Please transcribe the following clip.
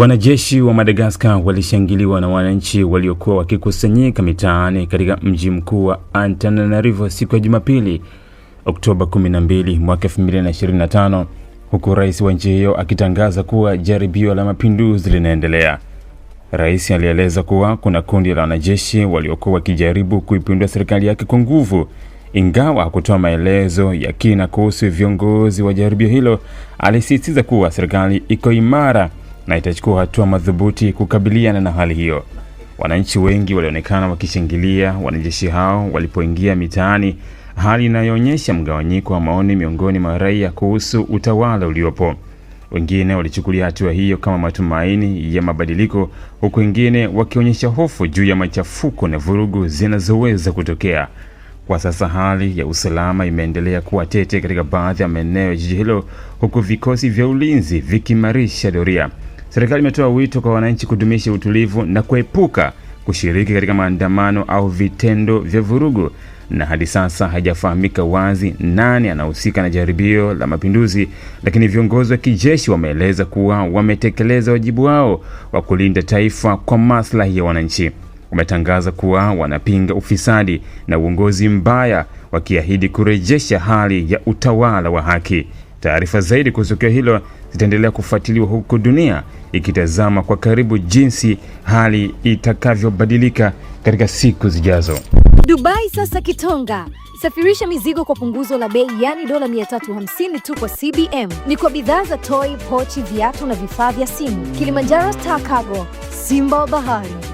Wanajeshi wa Madagascar walishangiliwa na wananchi waliokuwa wakikusanyika mitaani katika mji mkuu wa Antananarivo siku ya Jumapili, Oktoba 12 mwaka 2025, huku rais wa nchi hiyo akitangaza kuwa jaribio la mapinduzi linaendelea. Rais alieleza kuwa kuna kundi la wanajeshi waliokuwa wakijaribu kuipindua serikali yake kwa nguvu, ingawa hakutoa maelezo ya kina kuhusu viongozi wa jaribio hilo. Alisisitiza kuwa serikali iko imara na itachukua hatua madhubuti kukabiliana na hali hiyo. Wananchi wengi walionekana wakishangilia wanajeshi hao walipoingia mitaani, hali inayoonyesha mgawanyiko wa maoni miongoni mwa raia kuhusu utawala uliopo. Wengine walichukulia hatua hiyo kama matumaini ya mabadiliko, huku wengine wakionyesha hofu juu ya machafuko na vurugu zinazoweza kutokea. Kwa sasa hali ya usalama imeendelea kuwa tete katika baadhi ya maeneo ya jiji hilo, huku vikosi vya ulinzi vikimarisha doria. Serikali imetoa wito kwa wananchi kudumisha utulivu na kuepuka kushiriki katika maandamano au vitendo vya vurugu, na hadi sasa haijafahamika wazi nani anahusika na jaribio la mapinduzi, lakini viongozi wa kijeshi wameeleza kuwa wametekeleza wajibu wao wa kulinda taifa kwa maslahi ya wananchi. Wametangaza kuwa wanapinga ufisadi na uongozi mbaya, wakiahidi kurejesha hali ya utawala wa haki. Taarifa zaidi kuhusu tukio hilo zitaendelea kufuatiliwa huku dunia ikitazama kwa karibu jinsi hali itakavyobadilika katika siku zijazo. Dubai sasa Kitonga. Safirisha mizigo kwa punguzo la bei, yani dola 350 tu kwa CBM. Ni kwa bidhaa za toy, pochi, viatu na vifaa vya simu. Kilimanjaro Star Cargo, simba wa bahari.